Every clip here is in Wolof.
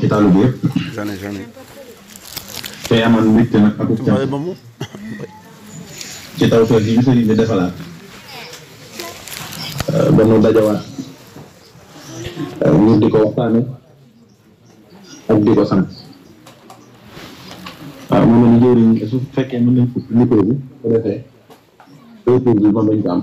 ci taalu bi yëpp. tey amoon mbégte nag ak cant ci taw feex yi ñu sëriñ bi defalaat euh, ba nu dajawaat euh, ñu di ko waxtaane ak di ko sant waaw ah, mën nañu jëriñ su fekkee mën nañ ko micro bi su defee retour bi moom lañ ko am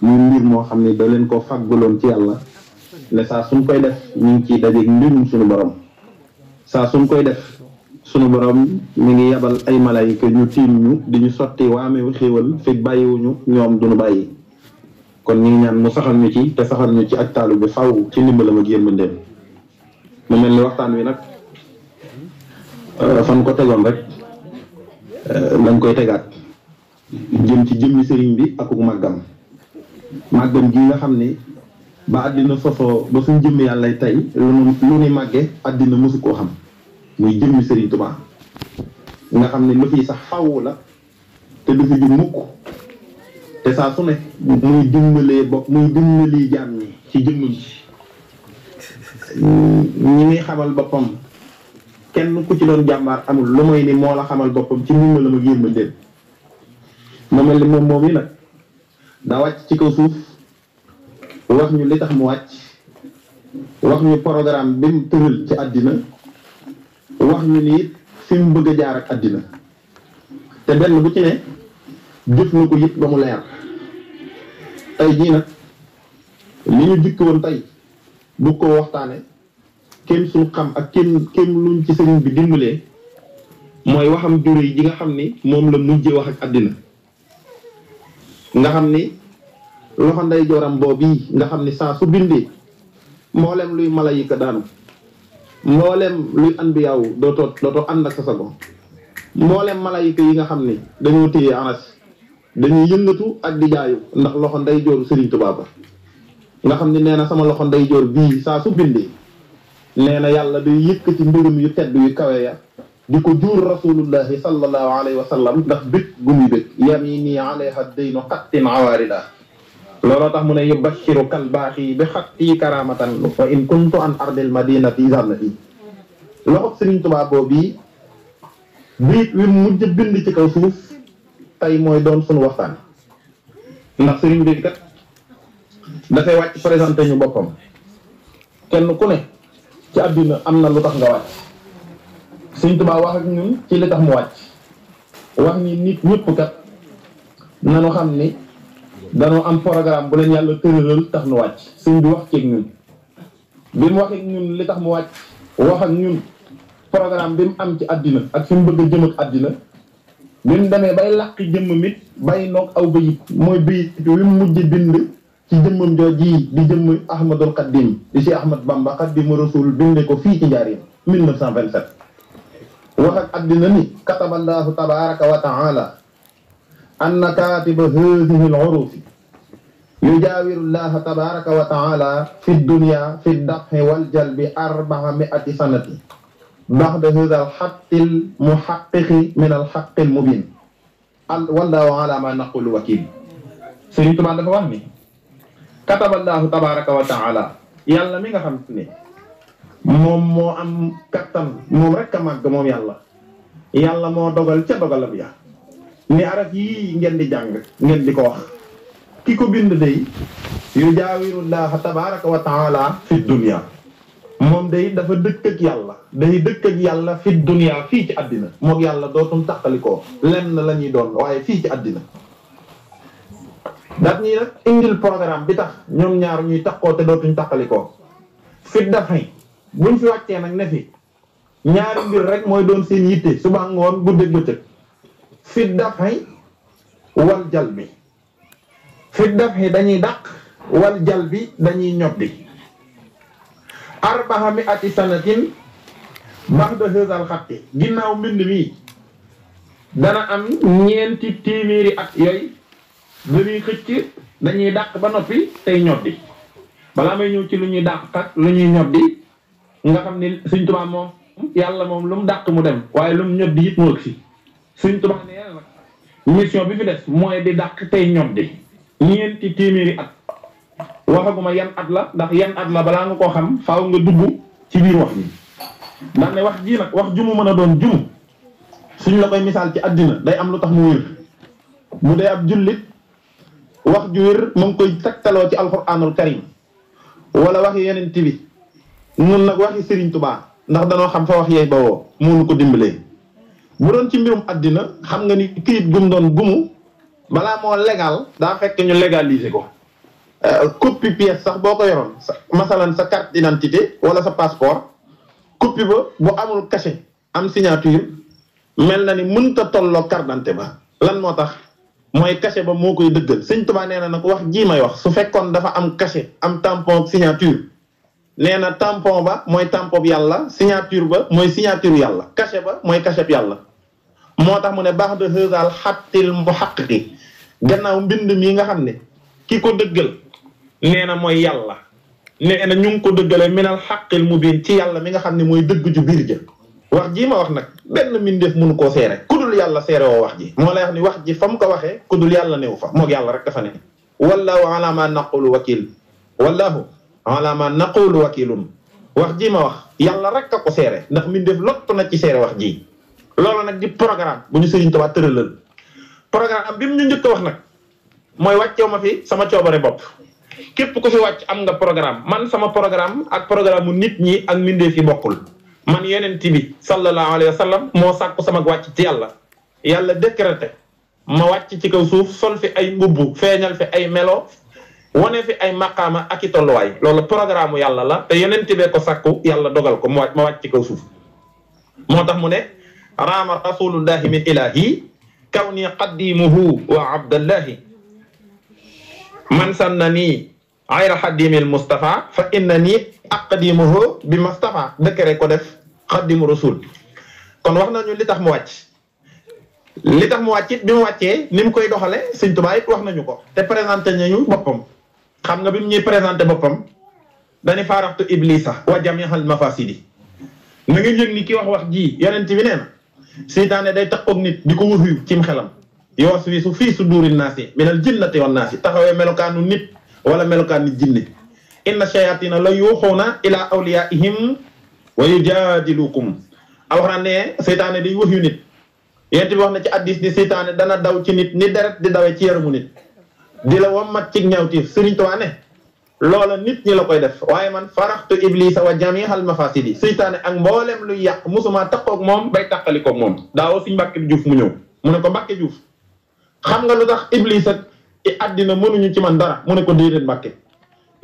muy mbir moo xam ne da leen ko fàggaloon ci yàlla ne saa suñ koy def ñu ngi ciy dajeeg mbirum suñu borom saa suñ koy def suñu borom mi ngi yabal ay malayka ñu tiim ñu di ñu sotti waamewu xéewal fekk bàyyiwuñu ñoom duñu bàyyi kon ñu ngi ñaan mu saxal ñu ci te saxal ñu ci ak taalu bi faw ci ndimbalam ak yërmandeem mu mel ni waxtaan wi nag euh, fan ko tegoon rek lañ euh, koy tegaat jëm ci jëmmi sëriñ bi ak màggam gi nga xam ni ba àddina sosoo ba suñ jëmm yàlla tey lu nu lu ni màgge àddina mësu koo xam muy jëmmi Sëriñ Tuubaa nga xam ne lu fi sax fawu la te du fi ju mukk te saa su ne muy dimbalee bopp muy ci jëmmam xamal boppam kenn ku ci doon jàmbaar amul lu mooy ni moo la xamal boppam ci ndimbalam ak yërmandeem mu mel moom moom yi nag daa wàcc ci kaw suuf wax ñu li tax mu wàcc wax ñu programme bi mu tëral ci àddina wax ñu ni it fi mu bëgg jaar ak àddina te benn bu ci ne jëf na ko yëpp ba mu leer tey jii nag li ñu jikk woon tey bu ko waxtaane kenn suñu xam ak kenn kenn luñ ci sëriñ bi dimbalee mooy waxam jure yi nga xam ni moom la mujjee wax ak àddina nga xam ni loxo nday joram boobu nga xamni sa su bindi mbollem luy malaika daanu mbollem luy to dootoo dootoo and ak sa sago mboolem malayika yi nga xamni dañu dañoo anas dañu yëngatu ak di jaayu ndax loxo nday jor Serigne Touba ba nga xamni neena sama loxo nday jor bii sa su bindi neena yalla day day ci mbirum yu tedd yu kawe ya diko jur rasulullah sallallahu alaihi wasallam ndax bit gu bit bég looloo tax mu ne yubashiru kalbaaxi bi xatti karamatan wa in kuntu an ardil madinati zallati loxob Sëriñ Tuubaa boobu biit wi mujj bind ci kaw suuf tey mooy doon suñu waxtaan ndax sëriñ bi kat dafay wàcc présenté ñu boppam kenn ku ne ci àdduna am na lu tax nga wàcc Sëriñ Tuubaa wax ak ñun ci li tax mu wàcc wax ni nit ñëpp kat nanu xam ni danoo am programme bu leen yàlla tëralal tax nu wàcc sëñ bi wax ceeg ñun bi mu waxee ñun li tax mu wàcc wax ak ñun programme bi mu am ci àddina ak fi mu bëgg a jëm ak àddina bi mu demee bay làq jëmmam it bàyyi noog aw bayit mooy bayit wi mu mujj bind ci jëmmam jooji di jëmm Ahmadul Xaddim di si Ahmad Bamba Xaddimu Rasul binde ko fii ci Njaaréem 1927 wax ak àddina ni kataballaahu tabaraka wa taala أن كاتب هذه العروف يجاور الله تبارك وتعالى في الدنيا في الدفع والجلب أربعمائة سنة بعد هذا الحق المحقق من الحق المبين والله على ما نقول وكيل سيدي تبعنا فهمي كتب الله تبارك وتعالى يلا من خمسني موم مو ام كتم موم رك ما يلا يلا مو دوغل تي دوغل بيا ni araf yii ngeen di jàng ngeen di ko wax ki ko bind day yu jaawirullaah tabaaraka wa taala fi moom dey dafa dëkk ak yàlla day dëkk ak yàlla fit dunya fii ci àddina moog yàlla dootum tàqalikoo lenn la ñuy doon waaye fii ci àddina daat ñii nag indil programme bi tax ñoom ñaar ñuy takkoo te dootuñ tàqalikoo fit dafay buñ fi wàccee nag ne fi ñaari mbir rek mooy doon seen yitte suba ngoon guddeeg bëccëg fi dafay wal jalbi fi dafay dañuy dàq wal bi dañuy ñoddi arbaha mi ati sanatin baxda hësal xatti ginnaaw mbind mi dana am ñeenti téeméeri at yooyu dañuy xëcc dañuy dàq ba noppi tey ñoddi balaa may ñëw ci lu ñuy dàq kat lu ñuy ñoddi nga xam ni Sëñ Tuubaa moom yàlla moom lu mu dàq mu dem waaye lu mu ñoddi it mu ëgg si suñ tubaab nee na nag mission bi fi des mooy di dàq tey ñoom di ñeenti téeméeri at waxaguma yan at la ndax yan at la balaa nga koo xam faaw nga dugg ci biir wax bi ndax ne wax jii nag wax jumu mën doon jumu suñ la koy misaal ci àddina day am lu mu wér mu dee ab jullit wax ju wér mu ngi koy taktaloo ci alxuraanul karim wala waxi yeneen bi nun nag waxi Serigne Touba ndax danoo xam fa wax yeey ba ko bu doon ci mbirum àddina xam nga ni këyit gum doon gumu balaa moo legal daa fekk ñu légaliser ko euh, copie pièce sax boo ko yoroon sa masalan sa carte d'identité wala sa passeport copie ba bu amul cachet am signature mel na ni mun tolloo carte d'identité ba lan moo tax mooy cachet ba moo koy dëggal sëñ Tuubaa nee na nag wax jii may wax su fekkoon dafa am cachet am tampon signature nee na tampon ba mooy tampon bi yàlla signature ba mooy signature yàlla cachet ba mooy cachet bi yàlla moo tax mu ne baax de xësal xattil mu xaq gi gannaaw mbind mii nga xam ne ki ko dëggal nee na mooy yàlla nee na ñu ngi ko dëggalee minal xaqil mu biin ci yàlla mi nga xam ne mooy dëgg ju biir jë wax jii ma wax nag benn mbindeef munu koo seere kudul yàlla seere woo wax ji moo lay wax ni wax ji fa mu ko waxee dul yàlla néew fa moog yàlla rek dafa ne wallahu ala ma naqulu ala ma naqulu wakilun wax ji ma wax yàlla rek a ko seere ndax min def na ci seere wax ji loolu nag di programme bu ñu Sëriñ Tuubaa tëralal programme bi mu ñu njëkk wax nag mooy wàcceew ma fi sama coobare bopp képp ku fi wàcc am nga programme man sama programme ak programme mu nit ñi ak mbindeef yi bokkul man yeneen bi sallallahu alayhi wa moo sàkku sama wàcc ci yàlla yàlla décrété ma wàcc ci kaw suuf sol fi ay mbubb feeñal fi ay melo wane fi ay maqama ak i way loolu programme yàlla la te yonent bee ko sakku yàlla dogal ko ma wàcc ci kaw suuf moo tax mu ne min ilahi kauni ni qaddimuhu wa abdallahi man sanna nii ayra mustafa fa inna nii aqdimuhu bi mustafa dëkkere ko def xaddimu rasul kon wax nañu li tax mu wàcc li tax mu wàcc bi mu wàccee ni mu koy doxale sëñ Tuubaa wax nañu ko te présenté nañu boppam xam nga bimu ñuy présenté bopam dani faraxtu iblisa wa jami'al mafasidi na nga yëg ni ki wax wax ji yonent bi neena na day tax nit diko ko ci xelam yoos wi su fi su nasi min al jinnati wan nasi taxawé melokanu nit wala melokanu jinni inna shayatin la yuuxuuna ila awliyaihim wa yujadilukum aw xane seytaane day wuyu nit yonent wax na ci hadith ni sitane dana daw ci nit ni deret di ci yaramu nit di wam mat ci ñawti serigne Tuubaa ne loolu nit ñi la koy def waye man faraxtu iblisa wa jami'al mafasidi seytaane ak mbollem lu yaq musuma takkoog mom bay tàqalikoog mom dawo suñ mbacke Juuf mu ñew mu ne ko mbacke Juuf xam nga lu tax iblis adina mënu ñu ci man dara mu ne ko déedéet mbacke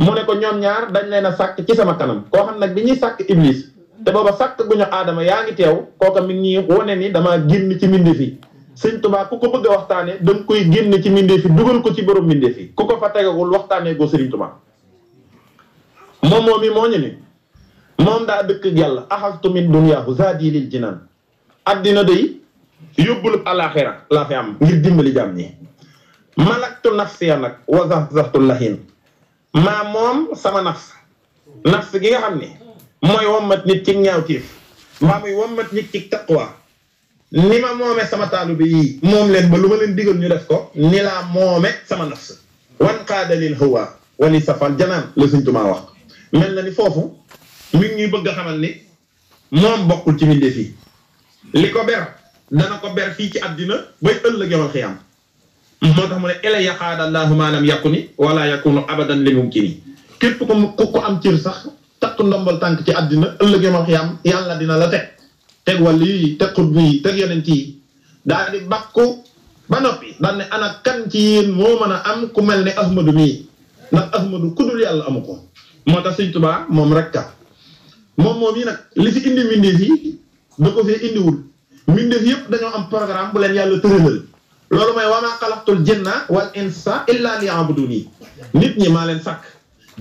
mu ne ko ñom ñaar dañ leena sak ci sama kanam ko xam nak biñuy sak iblis te booba sak guñu adama yaangi tew koko mi ngi wone ni dama genn ci mindi fi sëñ Tuubaa ku ko bëgg a danga koy génne ci mbindeef yi dugal ko ci borom mbindeef yi ku ko fa tegagul waxtaanee ko sëriñ Tuubaa moom moom mi moo ñu ne moom daa dëkk yàlla axastu min duniyaahu zaadi lil jinaan addina day yóbbul alaxira laa fi am ngir dimbali jàmm ñi malaktu nafsiya nag wa zahzahtu lahin maa moom sama nafs nafs gi nga xam ne mooy wommat nit ci ñaaw tiif mbaa muy wommat nit ci taqwa ni ma moome sama taalibe yi moom leen ba lu ma leen digal ñu def ko ni laa moome sama nafs wan qaadalil hawa wani safal janaan la Sëñ Tuubaa wax mel na ni foofu mi ngi ñuy bëgg a xamal ni moom bokkul ci mbindeef yi li ko ber dana ko ber fii ci àddina bay ëllëg yomal xiyaam moo tax mu ne ila yaqaada allahu ma lam yakuni wala yakunu abadan li mumkini képp ko ku ko am cër sax takk ndombal tànk ci àddina ëllëg yomal xiyaam yàlla dina la te teg wàllu yi teg xutbu yi teg yonent yi daal di bakku ba noppi daal ne ana kan ci yéen moo mën a am ku mel ne ahmadu mii ndax ahmadu ku dul yàlla amu ko moo tax sëñ Tuubaa moom rek ka moom moom yi nag li fi indi mbindeef yi da ko fee indiwul mbindeef yëpp dañoo am programme bu leen yàlla tëralal loolu mooy wa maa xalaqtul jinna wal insa illa liya'buduni nit ñi maa leen sàkk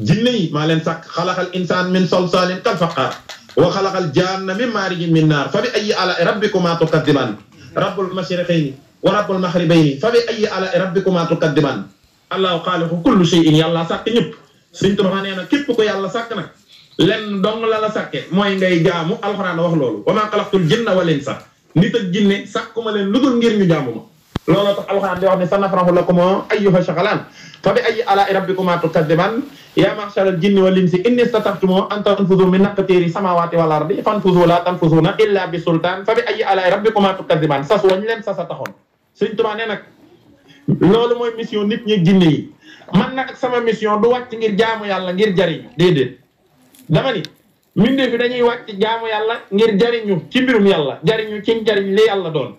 jinne yi maa leen sàkk xalaxal insaan min solsaalin kal faqaar wa xalaqal jaanna min maarijin min naar fa bi ayyi alaa'i rabbikumaa tukazzibaan rabbul mashriqayni wa rabbul maghribayni fa bi ayyi alaa'i rabbikumaa tukazzibaan allahu xaaliqu kulli shay'in yàlla sàkk ñëpp Sëriñ Tuubaa nee na képp ko yàlla sàkk nag lenn dong la la sàkke mooy ngay jaamu alxuraan wax loolu wa maa xalaqtul jinna wal insa nit ak jinne sàkkuma leen lu dul ngir ñu jaamu ma looloo tax alxuraan di wax ne sanafrahu lakum ayyuha shaghalan fa bi ayyi alaa'i rabbikuma tukazziban yaa ma'shara al-jinni wal insi in istata'tum an tanfuzu min aqtari samawati wal ardi fanfuzu la tanfuzuna illa bi sultan fa bi ayyi alaa'i rabbikuma tukazziban sas wañ leen sasa taxoon Sëñ Tuubaa nee nag loolu mooy mission nit ñi jinne yi man nag sama mission du wàcc ngir jaamu yàlla ngir jariñ déedéet dama ni mbindeef fi dañuy wàcc jaamu yàlla ngir jariñu ci mbirum yàlla jariñu ci jariñ li yàlla doon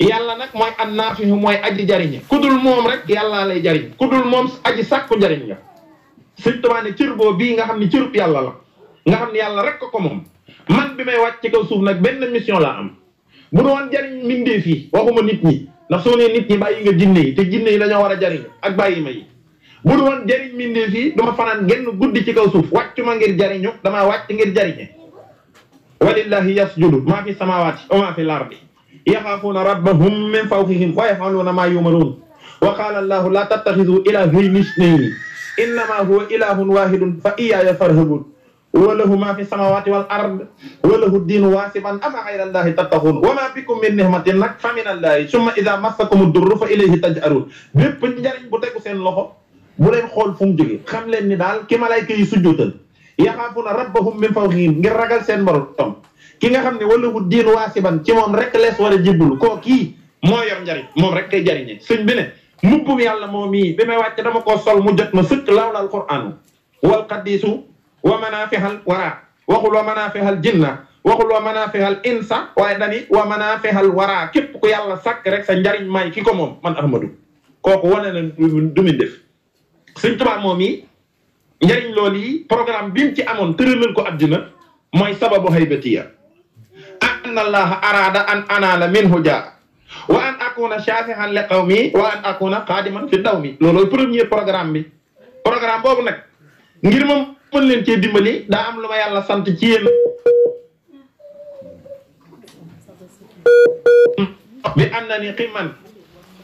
nak nak mooy annaafihu moy aji jariñ Kudul mom rek yalla lay jariñ kudul mom aji sakku jariñ nga sëñ Tuubaa ne cër boo bii nga xamni ne yalla la nga xamni yalla rek ko mom man bi may wacc ci kaw suuf nak benn mission la am bu doon jariñ mbindeef fi waxuma nit ñi ndax so ne nit ñi bayyi nga jinne te jinne yi lañu wara jariñ ak bayyi may bu doon jariñ mbindeef fi dama fanan genn guddi ci kaw suuf waccuma ngir jariñu dama wacc ngir jariñe walillahi yasjudu ma fi samawati wa ma fi lardi يخافون ربهم من فوقهم ويفعلون ما يؤمرون وقال الله لا تتخذوا إلهين اثنين إنما هو إله واحد فإياي فارهبون وله ما في السماوات والأرض وله الدين واسبا أما غير الله تتقون وما بكم من نعمة نك فمن الله ثم إذا مسكم الضر فإليه تجأرون bépp njariñ bu tegu seen loxo bu leen xool fu mu jóge xam leen ni daal ki malayka yi sujjootal yaxaafuna rabbahum min fawqihim ki nga xamne wala wu diin wasiban ci mom rek les wara a ko ki mo yor njariñ mom rek kay jariñe señ bi ne mubbu yalla momi bi may wacc dama ko sol mu jot ma sëkk lawla qur'anu wal Qadisu, wa manafihal wara waxul wa manafihal jinna waxul wa manafihal insa wa dani wa manafihal wara Kep ko yalla sak rek sa njariñ may ki ko mom man ahmadu koku wane du def señ tuba momi yi njariñ loli, programme bim mu ci amoon tëralal ko adina moy sababu haybatiya anna allaha araada an anaala minhu akuna shafihan li qawmi wa akuna qadiman fi dawmi loolooy premier programme bi programme boobu nag ngir moom mën leen cee dimbali daa am lu ma yàlla sant ci bi annani qiman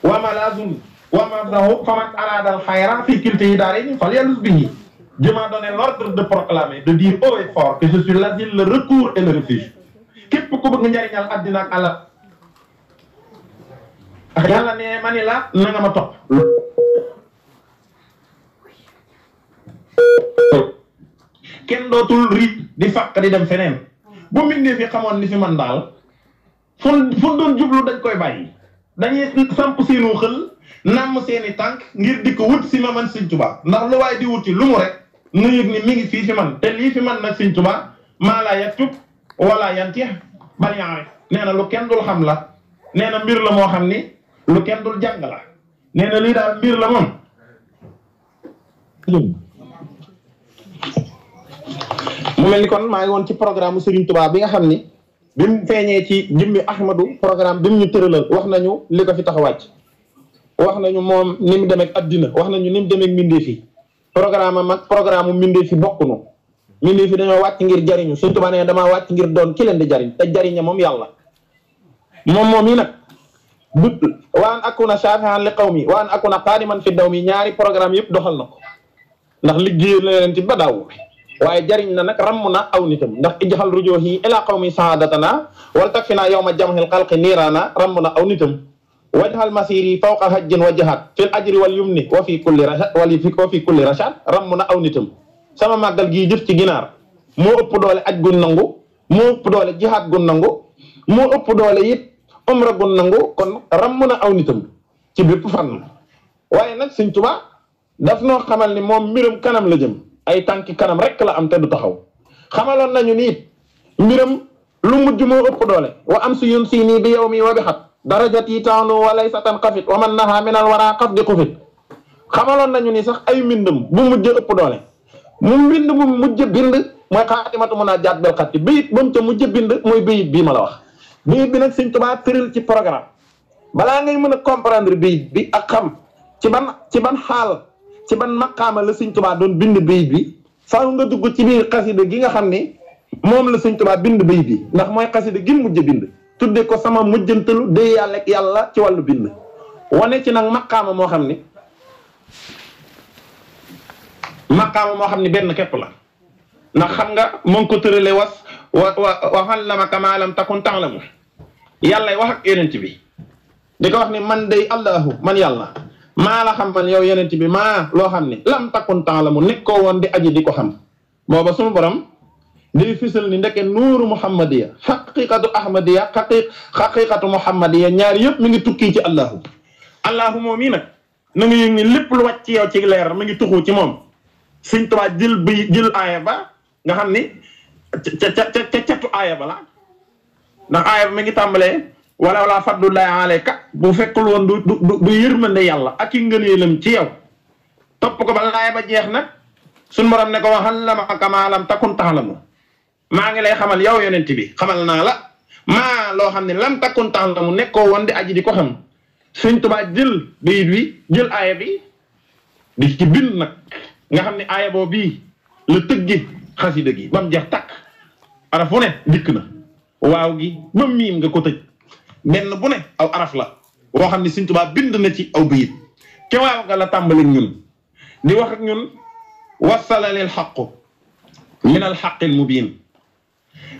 wa malazun wa mabdahu faman arada al khayra fi kilti daarayni falyaluz bihi je m'en donne l'ordre de proclamer de dire haut et que je suis l'asile le recours et le refuge képp ku bëgg njariñal adina ak ala ndax yàlla ne manila la nga ma ken do tul ri di fak di dem fenen bu mbindee fi xamone ni fi man dal fu fun doon jublu dañ koy bayyi dañuy samp seenu xel nam seeni tank ngir di wut ci ma man seigne touba ndax lu way di wuti lu mu rek nu ni mi ngi fi fi man te li fi man nag seigne touba mala yaktub wala yanti bal yaarif nee na lu kenn dul xam la neena na mbir la mo xam lu kenn dul jang la neena na lii daal mbir la mom mu mel ni kon ma ngi won ci programme Serigne Touba bi nga xam ni bi mu ci jimmi Ahmadou programme bi ñu teureul wax nañu li ko fi tax wàcc wax nañu mom dem ak adina wax nañu dem ak fi programme mak programme fi bokku ñu ngi fi tinggir wàcc ngir jariñu suñu tuba tinggir don kilen ngir doon ki len di jariñ te jariña mom yalla mom moom yi nag dut waan akuna shafihan li qawmi waan akuna qadiman fi dawmi ñaari programme yep doxal nako ndax liggey la len ci badaw waye jariñ na nak ramuna aw nitam ndax ijhal rujuhi ila qawmi saadatana wal takfina yawma jamhil khalqi nirana ramuna aw nitam wajhal masiri fawqa hajjin wajahat fil ajri wal yumni wa fi kulli rashad wa fi kulli rashad ramuna aw nitam sama magal gi jëf ci ginar mo upp doole aj gun nangu mo upp doole jihad gun nangu mo upp doole yit umra gun nangu kon ramuna aw nitam ci bëpp fànn waye nak seigne touba daf no xamal ni mom mbiram kanam la jëm ay tanki kanam rek la am te du taxaw xamalon nañu nit it lu mujj mo upp doole wa am su yun si nii bi yawmi wa bi hat darajati ta'nu wa walay sa wa man naha minal wara nañu ni sax ay mindum bu mujj upp doole mu mbind mu mujj bind mooy xaatimatu mën a jaat bel xatti bayit ba mu ca mujj bind mooy bayit bii ma la wax bayit bi nag sëñ Tuubaa tëral ci programme balaa ngay mën a comprendre bayit bi ak xam ci ban ci ban xaal ci ban maqaama la sëñ Tuubaa doon bind bayit bi faaw nga dugg ci biir xasida gi nga xam ni moom la sëñ Tuubaa bind bayit bi ndax mooy xasida gi mujj bind tudde ko sama mujjantalu day yàlla yàlla ci wàllu bind wane ci nag maqaama moo xam ni makam mo xamni ben kep la ndax xam nga mon ko tëralee was wa wa allamaka maa lam takun ta'lam yalla wax ak bi diko wax ni man day allahu man yalla ma la xam ban yow yonent bi ma lo xamni lam takun ta'lam nekk ko won di aji diko xam booba sunu borom di fisal ni ndeke nuru muhammadiya haqiqatu ahmadiya haqiq haqiqatu muhammadiya ñaar yep mi ngi tukki ci allahu allahu moom mii nag na nga yëg ni lepp lu ci yow ci leer mi ngi tukku ci mom sëñ Tuubaa bi jil ayaba aaya nga xamni ca ca ca ca ayaba la ndax ayaba mi ngi tambale wala wala fadlullahi alayka bu fekkul won du du du yalla ak i ngëneelam ci yow top ko ba ayaba jeex nak sun borom ne ko waxal ma lam takun ta'lamu ma ngi lay xamal yow yonenti bi xamal na la ma lo xamni lam takun taxlamu nekkoo di aji di ko xam sun tuba jil bi jil aaya bi di ci bin nak nga xam ne aaya boo bii la tëgge xasida gi ba mu jeex takk araf bu ne dikk na waaw gi ba miim nga ko tëj benn bu ne aw araf la woo xam ne Sëriñ Tuubaa bind na ci aw biit ke waaw nga la tàmbali ñun di wax ak ñun wasalalil xaqu min al xaqil mubiin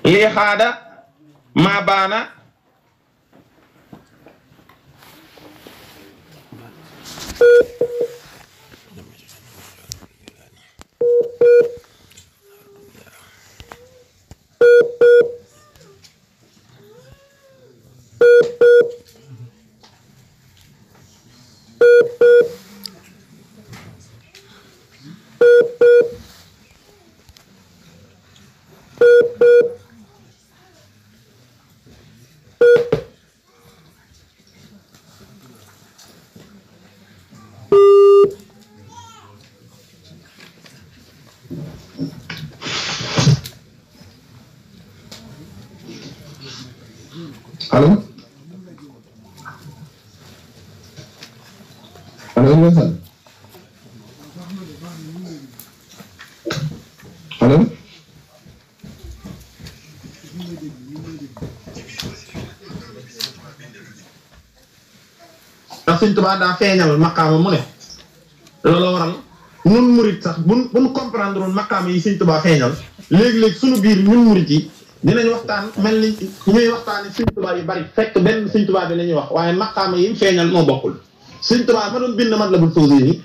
lii xaada maa baana Beep. allo allo Ibrahima Sall allo ndax Sëñ Tuubaa daa feeñal maqaama mu ne looloo waral ñun murit sax buñ buñ comprendre woon maqaama yi Sëñ Tuubaa feeñal léegi-léegi sunu biir ñun murit yi dinañ waxtaan mel ni ñuy waxtaanee Sëñ Tuubaa yu bari fekk benn Sëñ Tuubaa bi la ñuy wax waaye maqaama yi mu feeñal moo bokkul Sëñ Tuubaa ma doon bind Matlabul Fawzayni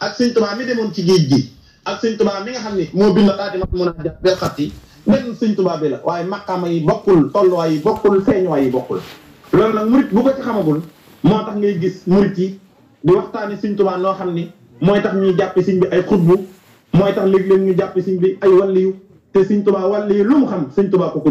ak Sëñ Tuubaa mi demoon ci géej gi ak Sëñ Tuubaa mi nga xam ni moo bind xaatima mun a jàpp del xat yi benn Sëñ bi la waaye maqaama yi bokkul tolluwaay yi bokkul feeñuwaay yi bokkul loolu nag murit bu ko ci xamagul moo tax ngay gis murit yi di waxtaanee Sëñ Tuubaa noo xam ni mooy tax ñuy jàppe sëñ bi ay xutbu mooy tax léegi léeg ñu jàpp sëñ bi ay walliyu te seigne touba wàll lu mu xam seigne touba ko ko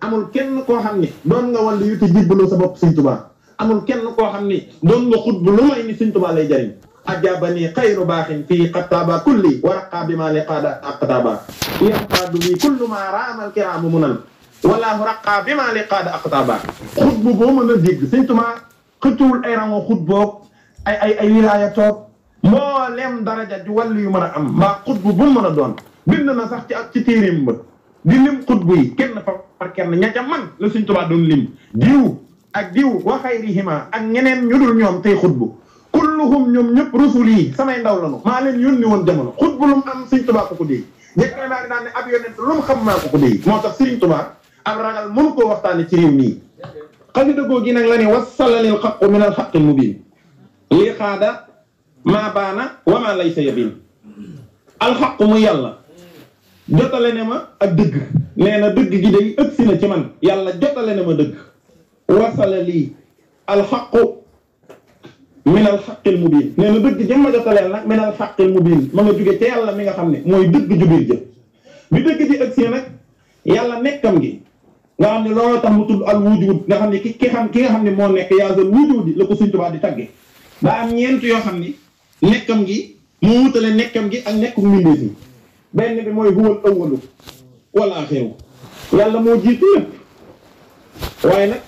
amul kenn ko xamni don nga wàll yu ci jébbaloo sa bop seigne touba amul kenn ko xamni don nga khutbu lu may ni seigne touba lay jariñ ajabani xayru bahin fi qataba kulli wa raqaa bi maa liqaada aqtaaba yaxtaadu bi kullu ma raamal kiraamu munal walaahu raqaa bi maa liqaada aqtaaba ay rango ay ay ay wilaya tok moo lem daraja ju wàll yu am mbaa khutbu bu bind na sax ci ak ci téeréem ba di lim xutbu kenn par kenn ña ca man la suñ lim diw ak diw wa xayrihima ak ñeneen ñu dul ñoom tey xutbu kulluhum ñoom ñëpp rusul samay ndaw lanu maa leen yónni woon jamono xutbu lu mu am suñ tubaa ko ko déy njëkkee ab yonent lu mu xam maa ko ko déy moo tax sëriñ tubaa ab ragal mënu koo waxtaane ci réew mii xaju dëggoo gi nag la ne wasalalil xaqu min al xaqi mubin lii xaada maa baana wa maa laysa yabin alxaqu mu yàlla jotale na ma ak dëgg nee na dëgg gi day ëpp si na ci man yàlla jotale na ma dëgg wasala lii alxaqu min alxaqil mubin nee na dëgg jëm ma jotaleel nag min alxaqil mubin ma nga jóge ca yàlla mi nga xam ne mooy dëgg ju biir jë bi dëgg ji ëgg si nag yàlla nekkam gi nga xam ne looloo tax mu tudd al wujud nga xam ne ki ki ki nga xam ne moo nekk yaa zol wujud di la ko Sëriñ Tuubaa di tagge daa am ñeent yoo xam ni nekkam gi mu wutale nekkam gi ak nekkum mbindeef yi ben bi moy huwal awwalu wal akhiru yàlla mo jitu lépp waaye nak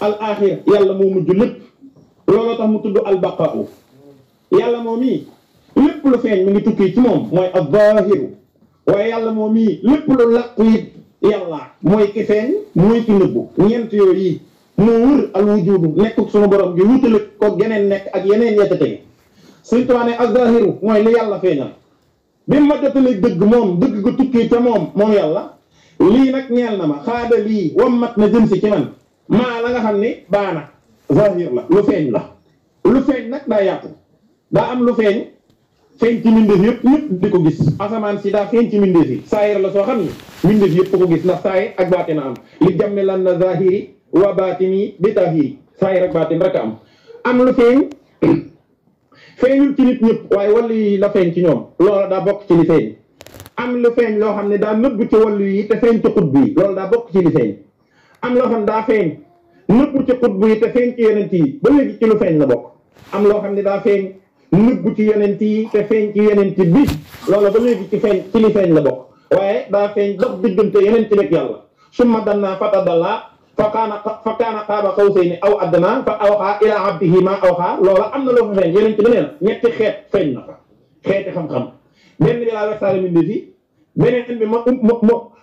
al akhir yàlla mo mujju lépp lolo tax mu tuddu al baqa'u yàlla mo mi lépp lu feñ mi ngi tukki ci mom moy al zahiru waaye yàlla mo mi lépp lu làqu it yàlla moy ki feñ moy ki nëbbu ñent yoy yi moo wur al wujub nekku sunu borom gi wutale ko geneen nek ak yeneen yettete yi surtout ne al zahiru mooy li yàlla feñal bi ma jotalee dëgg moom dëgg ko tukkee ca moom moom yàlla lii nag ñeel na ma xaada lii mat na jëm si ci man maa la nga xam ne baana zahir lu feeñ la lu feeñ nag daa yàqu daa am lu feeñ feeñ ci mbindeef yëpp ñëpp di ko gis asamaan si daa feeñ yi saayir la soo xam ne mbindeef yëpp ko gis ndax saayir ak baatin am li jàmme lan na zahiri wa baatini bi tahiri saayir ak baatin rek a am am lu feeñ feeñul ci nit ñëpp waaye wàllu yi la feeñ ci ñoom loola daa bokk ci li feeñ am lu feeñ loo xam ne daa nëbb ci wàllu yi te feeñ ci xutbu yi loolu daa bokk ci li feeñ am loo xam daa feeñ nëbb ci xutbu yi te feeñ ci yonent yi ba la bokk am loo xam ne daa feeñ nëbb ci yonent yi te feeñ ci yonent bi loola ba léegi ci feeñ ci li feeñ la bokk waaye daa feeñ dox diggante yonent bi ak yàlla summa dannaa fata dallaa fa kaana fa kaana xaaba xawsayni aw adnaa fa awxaa ilaa abdihi maa awxaa loola am na loo fa feeñ yeneen ci bi nee na ñetti xeet feeñ na fa xeeti xam-xam benn bi laa wextaale mbindeef yi beneen bi ma ma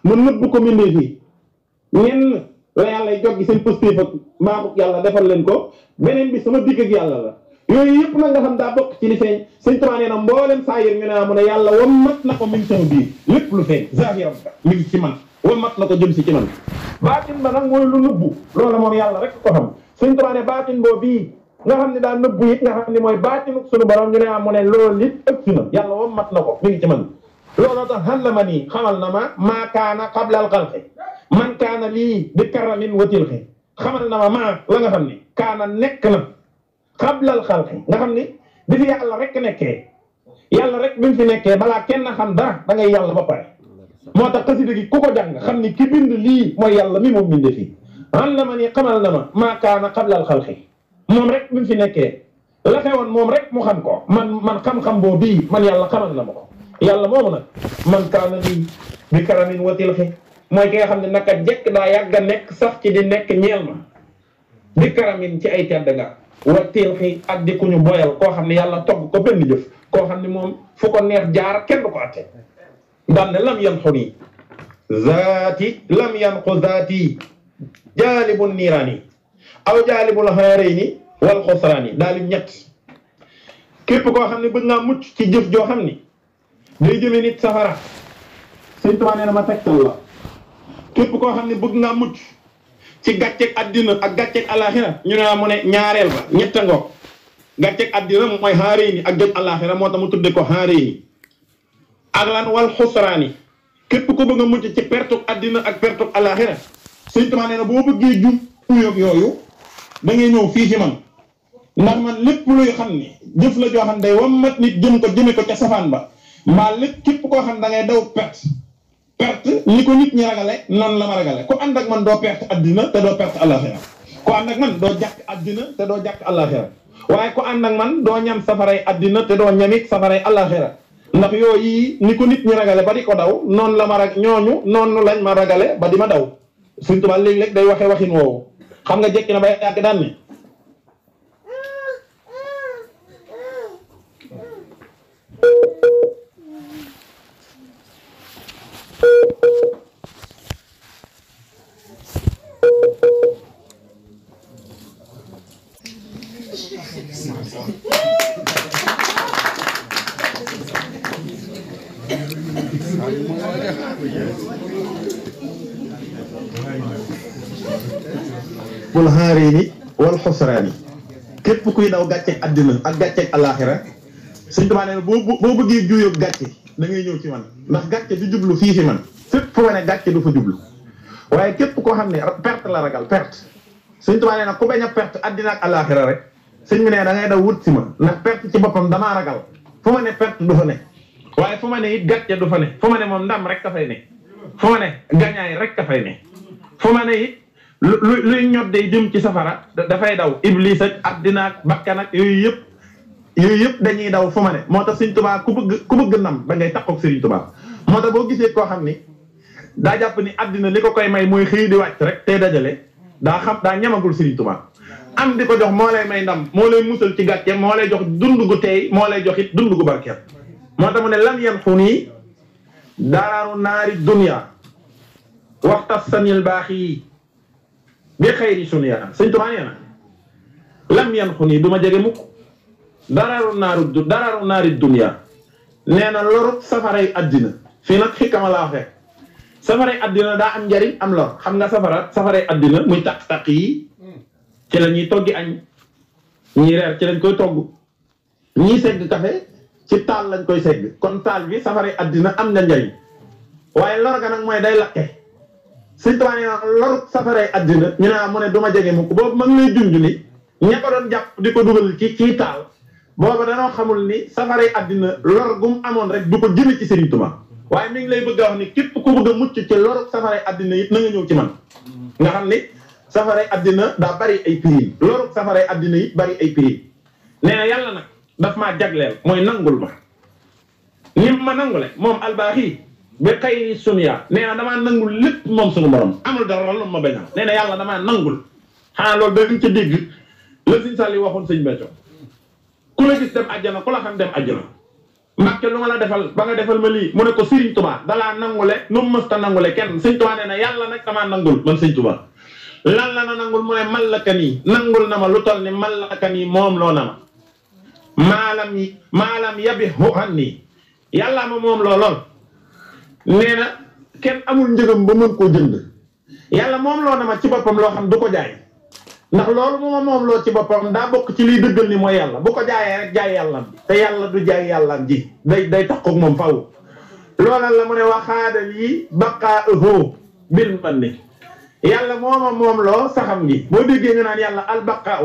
ma ma ko mbindeef yi ñenn la yàlla joggi seen positif ak maamuk yàlla defal leen ko beneen bi sama digg yàlla la yooyu yëpp nag nga xam daa bokk ci li feeñ sëñ Tuubaa nee na mboolem saa yéen ñu ne ah mu ne yàlla wammat na ko min sama biir lu feeñ mat na ko jëm si ci man baatin ba nag mooy lu nëbbu loola moom yàlla rek ko xam suñ tubaab ne baatin boo bii nga xam ne daa nëbbu it nga xam ne mooy baatinu suñu borom ñu ne am ah mu ne loolu it ëpp na yàlla wamat na ko mi ngi ci la ma nii xamal na ma maa kaana qabla al xalqi man kaana lii bi karamin watil xi xamal na ma maa la nga xam ne kaana nekk na qabla al nga xam ne bi fi yàlla rek nekkee yàlla rek bi fi nekkee balaa kenn xam dara da ngay yàlla ba pare motax qasida gi kuko jang xamni ki bind li mooy yalla mi moom bind fi allamani qamalna ma kana qabla al khalqi mom rek fi nekkee la xewon mom rek mu xam ko man man xam-xam bo bi man yalla xamal na mako yalla mom nak man kana nii bi karamin wa tilhi moy ki nga xamni naka jekk daa nek sax ci di nek ñeel ma bi karamin ci ay tedd nga wa tilhi ak di ku ñu boyal ko xamni yalla togg ko benn jëf ko xamni mom fu ko neex jaar kenn ko atté dan lam yamhuni zati lam yanqu zati jalibun nirani aw jalibul harini wal khusrani dal ñett kep ko xamni ne bëgg naa mucc ci jëf jo xamni ni day jëme nit safara sey to nee na ma tegtal la kep ko xamni ne bëgg naa mucc ci gatchek adina ak gatchek alakhirah ñu na mu ne ñaarel ba ñetta harini ak alakhirah ko harini ak lan wal khusrani kep ko bëgg mu ci pertu adina ak pertuk alaxira sëñ Tuubaa nee na boo jum jub uyoog yoyu da ngay ñew fi ci man ndax man lepp luy xamni def la jo xam day wammat nit jëm ko jëme ko ci safan ba ma lepp kep ko xam da ngay daw pert pert ni ko nit ñi ragalé non la ma ragalé ko and ak man do pert adina te do pert alakhirah ko and ak man do jakk adina te do jakk alakhirah waye ko and ak man do ñam safaray adina te do ñamit safaray alakhirah ndax yooyu ni ko nit ñi ragale ba di ko daw noonu la ma rag ñooñu noonu lañ ma ragale ba di ma daw suñ tubaab léeg day waxe waxin woowu xam nga jekki na ba yàgg daan ni naarayni wal xusraani képp kuy daw gàcceeg àddina ak gàcceeg alaaxira suñ tubaab nee na boo boo bëggee juyoo gàcce da ngay ñëw ci man ndax gàcce du jublu fii fi man fépp foo ne gàcce du fa jublu waaye képp koo xam ne perte la ragal perte suñ tubaab nee na ku bañ a perte àddina ak alaaxira rek sëñ bi ne da ngay daw wut si ma ndax perte ci boppam damaa ragal fu ma ne perte du fa ne waaye fu ma ne it gàcce du fa ne fu ma ne moom ndam rek ka fay ne fu ma ne gañaay rek ka fay ne fu ma ne it lu luy ñot day dem ci safara fay daw iblis ak adina ak bakkan ak yoy yep yoy yep dañuy daw fuma ma ne motax serigne touba ku bëgg ku bëgg nam da ngay takkoog sëriñ tubaa moo tax boo gisee ko xamni da japp ni adina liko koy may moy xey di wacc rek tey dajale da xam da ñamagul serigne touba am di jox mo lay may ndam mo lay mussel ci gatte mo lay jox dundu gu teey mo lay jox it dundu gu barkel motax mu ne lam xuni dunya waqtas sanil bi khayri sunya sëñ Tuubaa nee na lam yan xun yi jege muk dararu naru du dararu nari dunya lorut safaray addina fii nag xikama laa fekk safaray adina da am njariñ am lor xam nga safara safaray adina muy tak tak yi ci lañuy ñuy toggi añ ñi reer ci lañ koy togg ñi segg café ci tal lañ koy segg kon tal bi safaray adina am na njariñ waye lor ga nak moy day lakke suñ tubaab nee na àddina ñu ne ah, mu ne du jege mu ko boobu ma ngi lay junj ni ña ko di ko dugal ci ci taal boobu danoo xamul ni safaray àddina lor gum amoon rek du ko jëme ci Serigne Touba waaye mi ngi lay bëgg ni képp ku bëgg a mucc ci loru safaray àddina it na nga ñëw ci man nga xam ni safaray àddina daa bari ay prix loru safaray àddina yi bari ay prix nee na yàlla nag daf maa jagleel mooy nangul ma nim ma nangule moom albaaxi bi xëy sunuya nee na damaa nangul lépp moom suñu borom amul dara lu ma bañal nee na yàlla damaa nangul xanaa loolu dañ ca dégg la sëñ Sall yi waxoon sëñ Béthio ku la gis dem àjjana ku la xam dem àjjana la defal ba nga defal ma lii mu ne ko Sëriñ Tuubaa dalaa nangule nu mu mësta nangule kenn sëñ Tuubaa na yàlla nag damaa nangul man sëñ Tuubaa lan la na nangul mu ne mallakan na ma lu toll ni mallakan yi moom loo na ma maalam yi maalam yabi xuxan nii yàlla ma moom loo lool nee na kenn amul njëgam ba mën koo jënd yàlla moom loo na ma ci boppam loo xam du ko jaay ndax loolu mooma moom loo ci boppam daa bokk ci liy dëggal ni mooy yàlla bu ko jaayee rek jaay yàllam bi te yàlla du jaay yàllam ji day day tax koog moom faw loola la mu ne waxaadal yi baqaa ëhoo bil banni yàlla mooma moom loo saxam gi boo déggee ñu naan yàlla albaqaa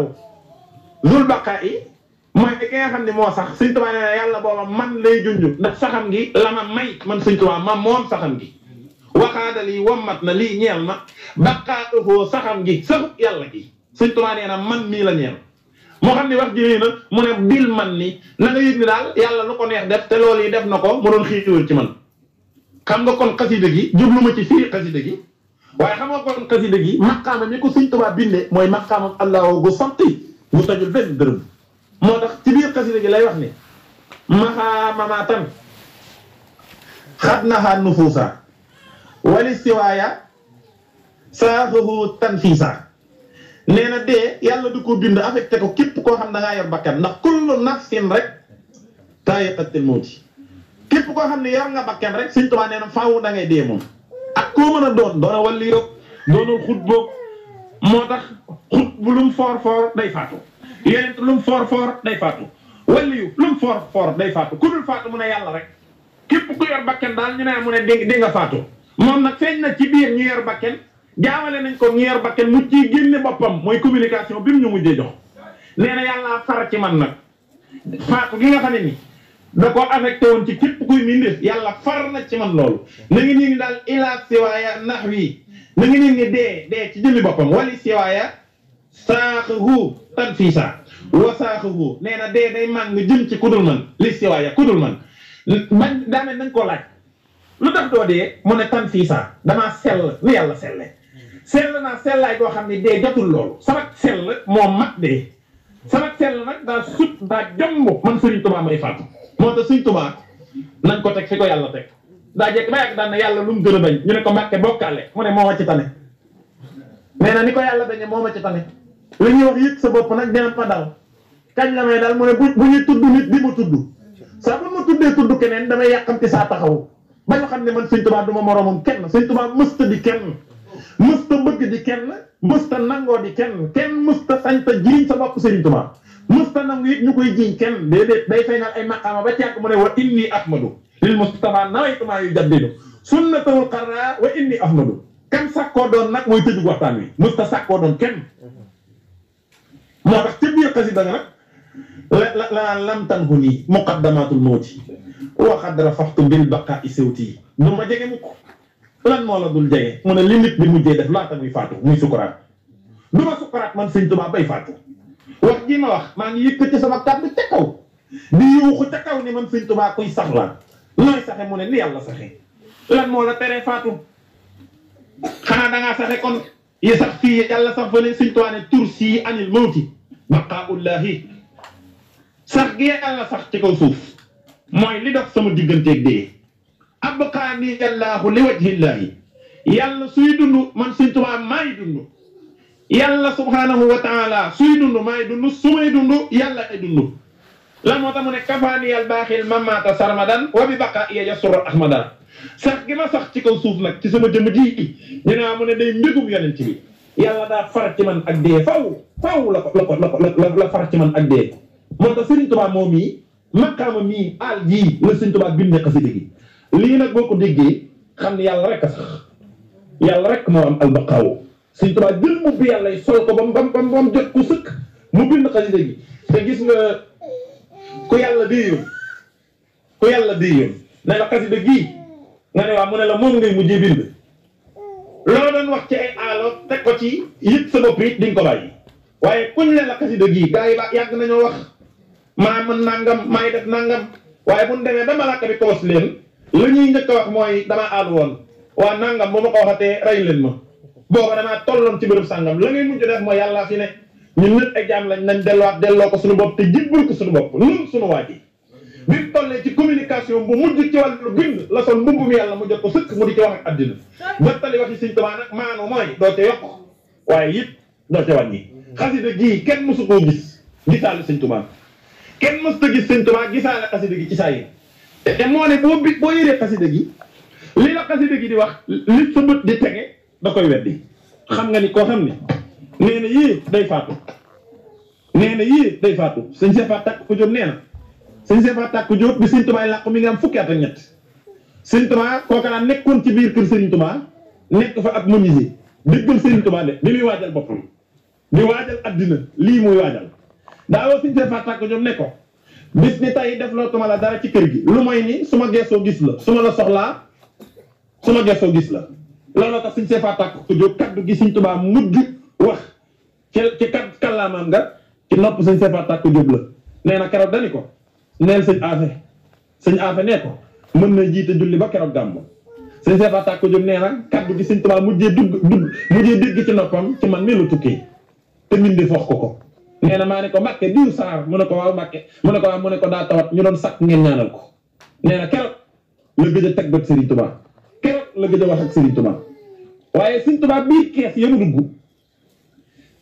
zul baqaa yi mooy ki nga di ne moo sax sëñ Tuubaa nee na yàlla man lay junj ndax saxam gi lama ma may man sëñ Tuubaa ma moom saxam gi waxaada li wammat na li ñeel na baqaa ëfoo saxam gi saxut yàlla gi sëñ Tuubaa nee na man mii la ñeel moo xam ne wax ji na mu ne bil man ni na nga yëg ni dal yàlla lu ko neex def te loolu def na ko mu doon xiiwal ci man xam nga kon xasida gi jublu ci fii xasida gi waaye xam nga kon xasida gi maqaama mi ko sëñ Tuubaa binde allah gu santi gu tajul motax ci bir qasida gi lay wax ni maxaa mamaatan xat naxaa nufuusa walistiwaaya saafahu tanfiisa nee na dee yàlla du ko bind affecté ko kep ko xam da nga yor bakkan ndax kullu nafsin rek taayiqatil mawti kep ko xam ni yor nga bakkan rek seigne touba neena faawu da ngay dee ak ko meuna doon do na walli yoog doonul xut day faatu yeneen lu mu foor foor day faatu waliyu lu mu foor foor day faatu ku dul faatu mu ne yàlla rek képp ku yor bakken daal ñu ne mu ne di nga faatu moom nag feeñ na ci biir ñu yor bakken jaawale nañ ko ñu yor bakken mu ciy génne boppam mooy communication bi mu ñu mujjee jox nee na yàllaa far ci man nag faatu gi nga xam ne ni da ko affecté woon ci képp kuy mindif yàlla far na ci man loolu na ngi nii daal ilaa siwaaya nax wi na ngi nii dee dee ci jëmmi boppam wali siwaaya saaxu tan fiisa wasaaxahu nee na dee day màng jëm ci kudul man listiwaaya kudul man man daamee nañ koo laaj lu tax doo dee mu ne tan fiisa damaa sell lu yàlla selle sell naa sellaay koo xam ne dee jotul loolu sama sell moo mat dee sama sell nag daa sut daa jomb man Sëriñ Tuubaa may fàttu moo tax Sëriñ Tuubaa nañ ko teg fi ko yàlla teg daa jekk ba yàgg daan yàlla lu mu gën a bañ ñu ne ko mbàkke bokkaale mu ne moo ma tane nee na ni ko yàlla li sebab wax yëg sa bop nak dina ma dal kañ la may dal mo ne bu ñu tuddu nit bi mu tuddu sa bu ma tuddé tuddu keneen dama yakamti sa taxaw ba nga xam man seigne touba duma moromum kenn seigne touba musta di kenn musta bëgg di kenn musta nango di kenn kenn musta santa jiiñ sa bop seigne touba musta nangu yit ñukoy jiñ kenn day ay maqama ba mo ne wa inni ahmadu lil mustafa nawaytumaa yu jaddidu sunnatul xarra wa inni ahmadu kan sakko don nak moy tëjug waxtan wi musta sakko don kenn motax ci ca biir xasida nga eh? la la lam tan huni muqaddamatul mawti wa khadra faqtu bil baqa'i sawti sewti ma jege muko lan mo la dul jege mo ne limit bi mujjee def la muy fatu muy sukurat du ma man seigne touba bay fatu wax gi ma wax ma ngi yëkkati sama tab ci kaw di yuuxu ci kaw ni man seigne touba koy sax la looy saxé mo ne ni yalla saxé lan mo la fatu xana da nga saxé kon yi sax fi yalla sax fële seigne touba ne tursi anil mawti waqaaullahi sax gee yàlla sax ci kaw suuf mooy li dox sama digganteeg dee abqaani allahu li wajhillahi yàlla suy dund man suñ tubaab maay dund yàlla subhaanahu wa taala suy dund maay dund su may dund yàlla ay dund lan moo tax mu ne kafaani yal baaxil mamaata sarmadan wa bi ma iya yasuru ahmadan sax gi ma sax ci kaw suuf nag ci sama jëmm ji dinaa mu ne day mbégum yonent bi yalla da far ci man ak de faw faw la ko la ko la la far ci man ak de mo tax Serigne Touba momi mii mi al aal le Serigne Touba bindee xasida gi lii nag boo ko déggee xam ne rek sax yalla rek mo am al baqaw Serigne Touba jël mu bi yalla sol ko bam bam bam bam jot ku seuk mu bind xasida gi te gis nga ku yàlla déeyoon ku di yu na la xasida gii na ne wa mo ne la mom ngay mujjee bind. loo doon wax ci ay aalo teg ko ci yit sa bopp it di nga ko bàyyi waaye kuñ leen la dëgg yi gars yi ba yàgg nañoo wax maa mën nangam maay def nangam waaye bu ñu demee ba malaaka bi koos leen lu ñuy njëkk a wax mooy damaa aal woon waa nangam bu ma ko waxatee rey leen ma booba damaa tolloon ci bërëb sàngam la ngay mujj def mooy yàllaa fi ne ñun ñëpp ay jaam lañ nañ delluwaat delloo ko suñu bopp te jibbul ko suñu bopp ñun suñu waa ji bi tollee ci communication bu mujj ci wàllu bind la sol mbubb mi yàlla mu jot ko sëkk mu di ci wax ak àddina jottali waxi sëñ Tuubaa nag maanu mooy doo ca yokk waaye it doo ca wàññi xasida gii kenn mësu koo gis gisaale sëñ Tuubaa kenn mësu ta ci saa yi te moo ne boo bi boo gi li la xasida gi di wax li sa bët di tege da koy weddi xam nga ni koo xam ne nee na yii day faatu nee na yii day faatu sëñ Seex Faat takk ko jot nee na seigne Cheikh Fatou Tacko Diop bi seigne Touba yi làqu mi nga am fukki at ak ñett sëñ Touba ka la nekkoon ci biir keur seigne Touba nekk fa ab momisé deggal seigne Touba de bi muy waajal boppam di ya, ah, waajal adina li muy waajal da wa seigne Cheikh Fatou Tacko Diop bis ni tay def lo tuma la dara ci keur gi lu moy ni suma ma gis la suma la soxla suma gesso gis la looloo tax seigne Cheikh Fatou Tacko Diop kaddu gi seigne Touba mudd wax ci ci kàllaamaam nga ci nopp seigne Cheikh Fatou Tacko la na daniko neel sëñ Afe sëñ Afe ne ko mën na jiite julli ba keroog gàmmu sëñ Seex Fatak ko jub nee na kaddu gi sëñ Tuubaa mujjee dugg dugg mujjee ci noppam ci man mii lu tukki te mbindi fox ko ko. na maa ne ko Mbàkke diw saar mu ne ko waaw Mbàkke mu ne ko waaw mu ne ko daa tawat ñu doon sakk ngeen ñaanal ko nee na keroog la gëj teg bët Sëriñ Tuubaa keroog la gëj a wax ak Sëriñ Tuubaa waaye Sëriñ Tuubaa biir kees yënu dugg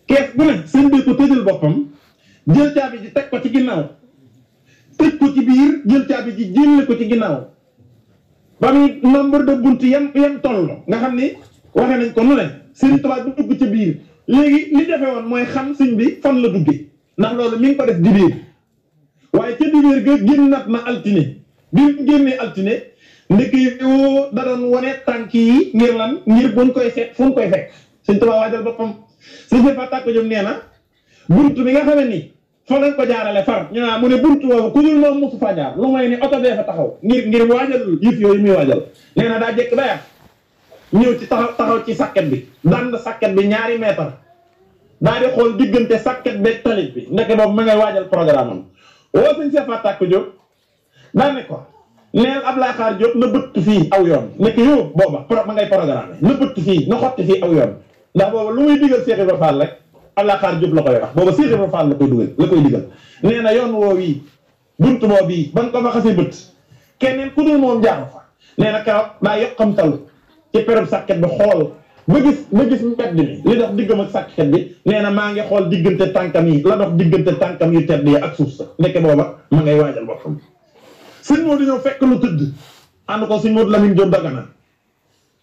kees bu ne sëñ bi ko jël caabi teg ko ci ginnaaw tëj ko ci biir jël caabi ji jël ko ci ginnaaw ba muy nombre de bunt yam yam toll nga xam ni waxee nañ ko nu ne Sëriñ Tuubaa du dugg ci biir léegi li defee woon mooy xam sëñ bi fan la duggee ndax loolu mi ngi ko def dibiir waaye ca dibiir ga génnaat na altine bi mu génnee altine ndekki yoo da doon wone tànk yi ngir lan ngir buñ koy seet fu ñu koy fekk Sëriñ Tuubaa waajal boppam sëñ bi fa tàkk jëm nee na bunt bi nga xamee nii fa ko jaarale far ñu mu ne buntu wo ku dul mom mosu faa lu may ni auto dee fa taxaw ngir ngir wajal yëf yoy mi wajal leena da jek baax ñew ci taxaw taxaw ci sakket bi dand sakket bi ñaari meter da di xol digeunte sakket be talib bi nek mom ma ngay wajal programme am woo suñ see faa tàkk jóg daa ne ko leel abla Xaar jog na bëtt fi aw yoon nek yow boba ma ngay programme na bëtt fi na xott fi aw yoon ndax boba lu muy digal Cheikh ibrahim rek alakar Jóob la koy wax booba Seex Ibra Faal la koy dugal la koy digal nee na yoon woo wii bunt boo bii ban ko ma xasee bët ku dul moom jaar fa nee na keroog daa yokkamtal ci perub sàkket bi xool ba gis ba gis mbedd mi li dox diggam ak sàkket bi nee na maa ngi xool diggante tànkam yi la dox yu tedd ya ak suuf sa nekk booba ma ngay waajal boppam sëñ Moodu ñëw fekk lu tëdd ànd ko sëñ Moodu Lamin Jóob Dagana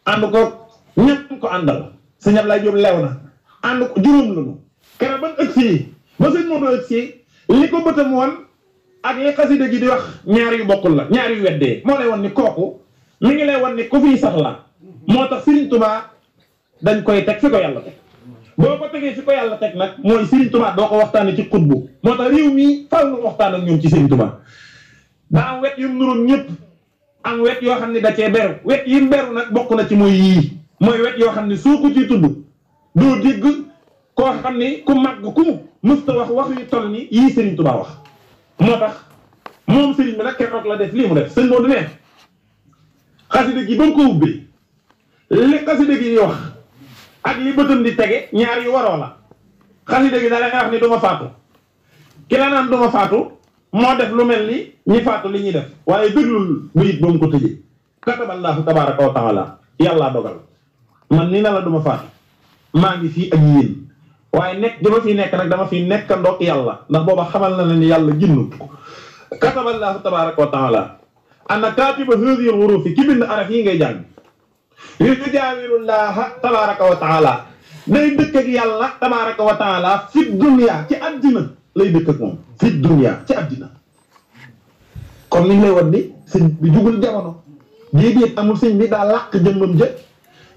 ànd ko ñett ko ko keroog ba ëgg si ba sëñ Modou ëgg si li ko bëtam woon ak li xasida ji di wax ñaar yu bokkul la ñaar yu weddee moo lay wan ni kooku mi ngi lay wan ni ku fiy sax la moo tax Serigne Touba dañ koy teg fi ko yàlla teg boo ko tegee fi ko yàlla teg nag mooy Serigne Touba doo ko waxtaanee ci xutbu moo tax réew mi faaw nu waxtaan ak ñoom ci Serigne Touba daa am wet yu mu nuroon am wet yoo xam ne da cee beru wet yi mu beru nag bokk na ci mooy yii mooy wet yoo xam ne soo ko ciy koo xam ne ku màgg ku musta wax wax yu toll ni yii Serigne Touba wax moo tax moom Serigne bi nag keroog la def lii mu def sëñ Modou xasida gi ba ko ubbee li xasida gi wax ak li bëtam di tege ñaar yu waroo la xasida gi da la nga wax ni du faatu ki la naan du ma faatu moo def lu mel ni ñi faatu li ñuy def waaye déglul bayit ba mu ko tëjee kataballaahu tabaaraka wa taala dogal man ni na la du ma faatu maa ngi fii ak yéen waye nek dama fi nek nak dama fi ndok yalla ndax boba xamal na ni yalla jinnu allah tabaarak wa taala anna kaatiba hadhihi al-huruufi kibin araf yi ngay jàng allah tabaarak wa taala day dekk ak yalla tabaarak wa taala fi dunya ci adina lay dekk ak mom fi dunya ci adina kon ni lay wone ni bi jugul jamono bi amul sëñ bi daa làq jëmmam jë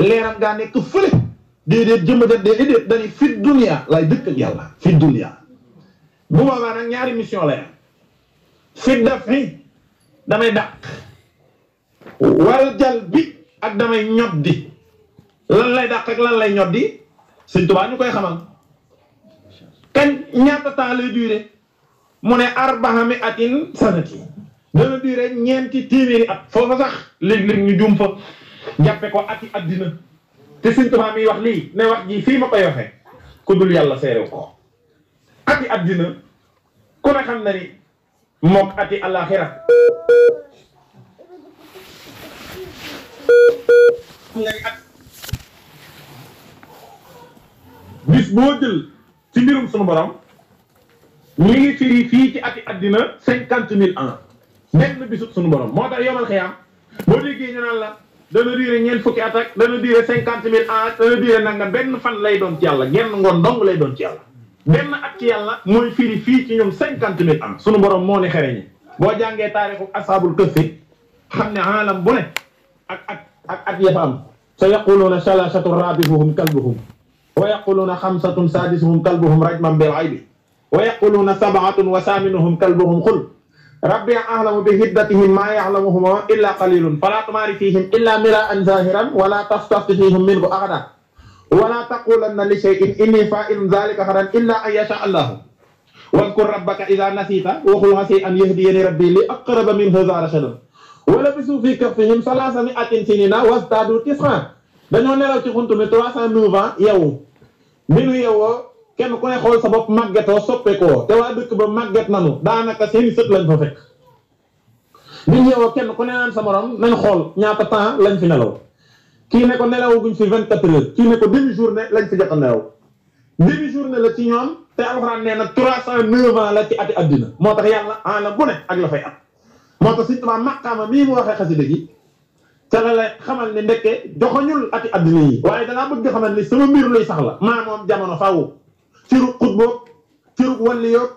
leeram ga nek fële déedéet jëm da dee déedéet fi dunia lay dëkk ak yalla fi dunia bu boobaa nak ñaari mission lay yam fi dafi damay dak wal jal bi ak damay ñoddi lan lay dak ak lan lay ñoddi sëñ Tuubaa ñu xamal kan ñaata ta lay duré mune arbahami atin sanati dana duré ñenti téeméeri at fofu sax leg leg ñu juum fa ko ati adina te sëñ Tuubaa wax li ne wax ji fi ma koy waxe ku dul yalla ko ati adina ku na xam na ni mok ati alakhirah ngay at bis bo jël ci mbirum sunu borom ni ngi fi ci ati adina 50000 mille ans benn bisub sunu borom moo tax yomal xiyam bo déggee ñu la dana diire ñeen fukki at ak dana diire cinquante mille ans dana nanga ben fan lay doon ci yàlla genn dong lay doon ci yàlla benn at ci yàlla mooy firi fi ci ñoom cinquante mille ans sunu borom moo ni xereñi boo jàngee taarixu ashabul këffi xam alam bu ak ak ak at ya fa am sa yaquluna salasatu rabifuhum kalbuhum wa yaquluna xamsatun sadisuhum kalbuhum rajman bil aybi wa yaquluna sabaatun wa saaminuhum kalbuhum xul ربي أعلم بهدتهم ما يعلمهما إلا قليل فلا تماري فيهم إلا مراء ظاهرا ولا تستفت فيهم منه أغدا ولا تقولن لشيء إني فائل ذلك غدا إلا أن يشاء الله واذكر ربك إذا نسيت وقل عسي أن يهديني ربي لأقرب منه ذا رشدا ولبسوا في كفهم مئة سنين وازدادوا تسعا dañoo نرى ci xuntu نوفا يوم من يوم kenn ku ne xool sa bopp màggetoo soppeekoo te waa dëkk ba màgget nanu daanaka seeni sët lañ fa fekk ñu ñëwoo kenn ku ne naan sa morom nañ xool ñaata temps lañ fi nelaw kii ne ko nelawaguñ fi vingt quatre heures kii ne ko demi journée lañ fi jot a nelaw demi journée la ci ñoom te alxuraan nee na trois cent neuf ans la ci ati addina moo tax yàlla ana bu ne ak la fay at moo tax Sëñ Tuubaa maqaama mii mu waxee xasida gi ca la lay xamal ne ndekke joxoñul ati addina yi waaye danaa bëgg xamal ni sama mbir luy sax la maa moom jamono faaw cëru xutboog cëru walliyoog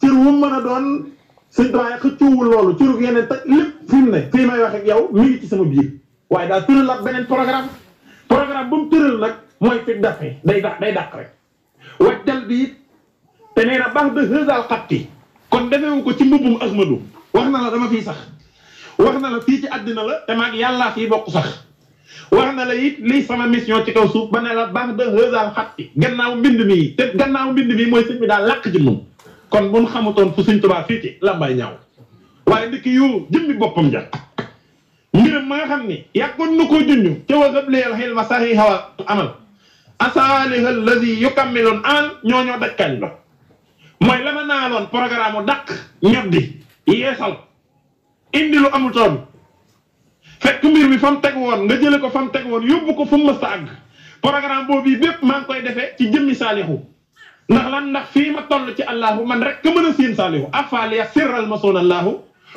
cër wu mën a doon sëñ Tuubaa xëccoowul loolu cëru yeneen te lépp fi ne fii may wax ak yow mi ci sama biir waaye daal tëral la beneen programme programme bu mu la nag mooy fi dafee day dàq day dàq rek wajjal bi it te nee na baax de hësal xatti kon defewu ko ci mbubbum Ahmadu wax na la dama fii sax wax na la fii ci àddina la te maag fii bokk sax wax na la it liy sama mission ci kaw suuf ba ne la baax de hësal xat i gannaaw mbind mi te gannaaw mbind mi mooy sëñ bi daal làkk ji moom kon buñ xamutoon fu sëñ Tuubaa fii ci lambay ñaaw waaye ndiki yu jëmmi boppam ja mbiram ma xam ni yàggoon na koo junj ca wasab leel xil ma saxi xawa amal asaalihal lazi yukammiloon amal ñoo ñoo dajkañ la mooy la ma naaloon programme u dàq ñoddi yeesal indi lu amutoon fekk mbir bi fam tek won nga jële ko fam tek won yobbu ko fum ma sag programme bobu bepp maa ngi koy defé ci jëmmi salihu ndax lan ndax fi ma toll ci allahu man rek ka mën a siin saalixu afaaliya sirral ma soon allahu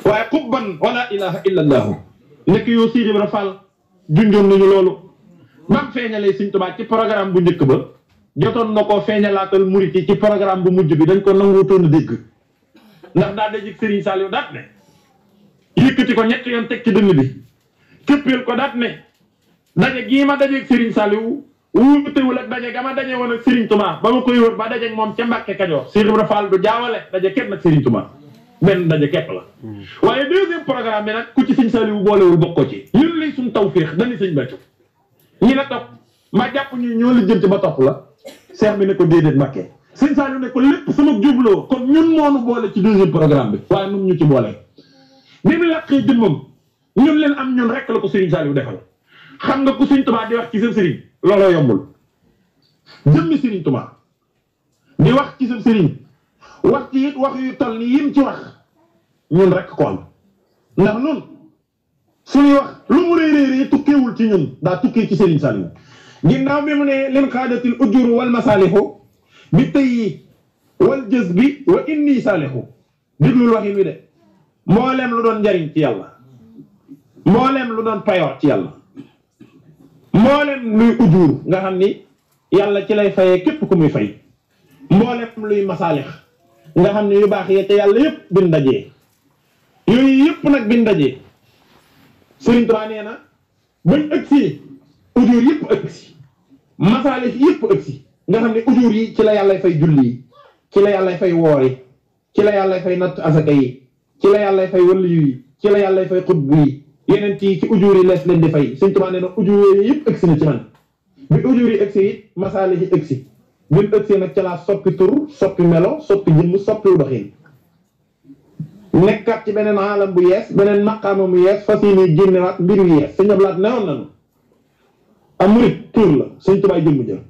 waaye xubban wala ilaha illa allah nek yo Sidi rafal Fall junjoon nañu loolu bam feeñalee seigne touba ci programme bu njëkk ba jotoon nako feñalatal mouride ci programme bu mujj bi dañ ko nanguutoon tonu deg ndax da dajik serigne salihu dat ne yëkkati ko ñetti yon tek ci dënn bi képp képpil ko daat ne daje gii ma dajeeg Serigne Saliou wuutewul ak daje ga ma daje woon ak Serigne Touba ba ma koy wër ba dajeeg moom ca Mbàkke Kajoor Cheikh Ibra Fall du jaawale daje képp nag Serigne Touba benn daje képp la. Mm. waaye deuxième programme bi nag ku ci Serigne Saliou boolewul bokkoo ci. ñun lay suñ taw féex dañuy sëñ Bàccu ñi la topp ma jàpp ñu ñoo la jënt ba topp la seex bi ne ko déedéet Mbàkke Serigne Saliou ne ko lépp sama jubloo kon ñun moonu boole ci du programme bi. waaye ñun ñu ci boole bi mu ñun leen am ñun rek la ko Serigne Saliou defal xam nga ku Serigne Touba di wax ci sa Serigne lolo yombul jëmmi Serigne Touba di wax ci sa Serigne wax ci it wax yu ni yim ci wax ñun rek ko am ndax nun suñu wax lu mu reere rëy rëy ci ñun da tukke ci Serigne Saliou ginnaw bi mu ne lin qadatil ujur wal masalihu bi tayyi wal jazbi wa inni salihu diglul waxin mi de mboolem lu doon jariñ ci yalla mbooleem lu doon payoor ci yàlla mbooleem luy ujuur nga xam ni yàlla ci lay fayee képp ku muy fay mbooleem luy masaalix nga xam ni yu baax yee te yàlla yëpp bi ndajee yooyu yëpp nag bi ndajee Sëriñ nee na bañ ëgg si ujuur yëpp ëgg si masaalix yëpp ëgg si nga xam ne ujuur yi ci la yàllay fay julli yi ci la yàllay fay woori ci la yàllay fay natt asaka yi ci la yàllay fay wëllu yi ci la yàllay fay xutbu yi yeneen ci ci ujur yi lees leen di fay sëñ Tuubaa nee na ujur yooyu yëpp egsi na ci man bi ujur yi egsi it masaale ci egsi bi egsi nag ca laa soppi tur soppi melo soppi jëmm soppi doxin nekkat ci beneen aalam bu yees beneen maqaama mu yees fas yéene génnewaat mbir yu yees sëñ tur la sëñ Tuubaa jëmm jël